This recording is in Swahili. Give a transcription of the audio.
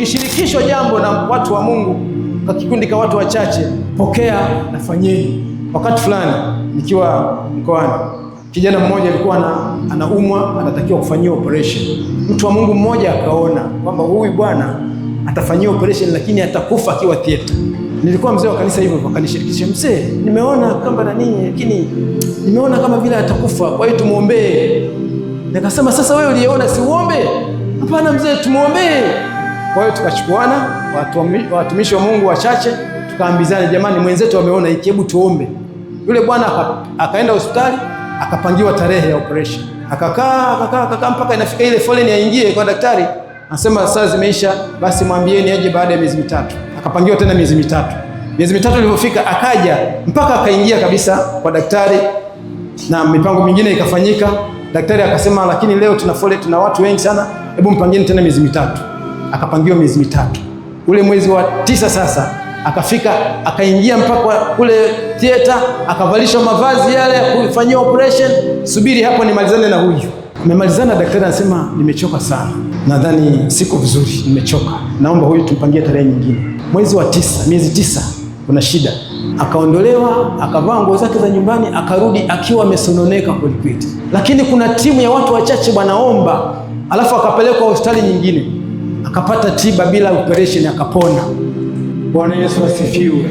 ukishirikishwa jambo na watu wa Mungu kwa kikundi cha watu wachache, pokea na fanyeni. Wakati fulani nikiwa mkoani, kijana mmoja alikuwa anaumwa, anatakiwa kufanyiwa operation. Mtu wa Mungu mmoja akaona kwamba huyu bwana atafanyiwa operation, lakini atakufa akiwa theater. Nilikuwa mzee wa kanisa hivyo, akanishirikisha mzee, nimeona kama na nini, lakini nimeona kama vile atakufa, kwa hiyo tumuombee. Nikasema sasa, wewe uliyeona, siuombe? Hapana mzee, tumuombee. Kwa hiyo tukachukuana watumishi wa Mungu wachache, tukaambizana, jamani, mwenzetu ameona hiki, hebu tuombe. Yule bwana akaenda hospitali akapangiwa tarehe ya operation, akakaa akakaa akakaa mpaka inafika ile foleni aingie kwa daktari, anasema saa zimeisha, basi mwambieni aje baada ya miezi mitatu. Akapangiwa tena miezi mitatu. Miezi mitatu ilipofika akaja mpaka akaingia kabisa kwa daktari, na mipango mingine ikafanyika. Daktari akasema, lakini leo tuna foleni, tuna watu wengi sana, hebu mpangieni tena miezi mitatu akapangiwa miezi mitatu. Ule mwezi wa tisa sasa akafika akaingia mpaka kule theater, akavalishwa mavazi yale ya operation. Subiri hapo nimalizane na huyu. Nimemalizana, daktari anasema nimechoka sana, nadhani siko vizuri, nimechoka, naomba huyu tumpangie tarehe nyingine. Mwezi wa tisa, miezi tisa kuna shida. Akaondolewa, akavaa nguo zake za nyumbani, akarudi akiwa amesononeka kwelikweli, lakini kuna timu ya watu wachache wanaomba, alafu akapelekwa hospitali nyingine akapata tiba bila operation akapona. Bwana Yesu asifiwe.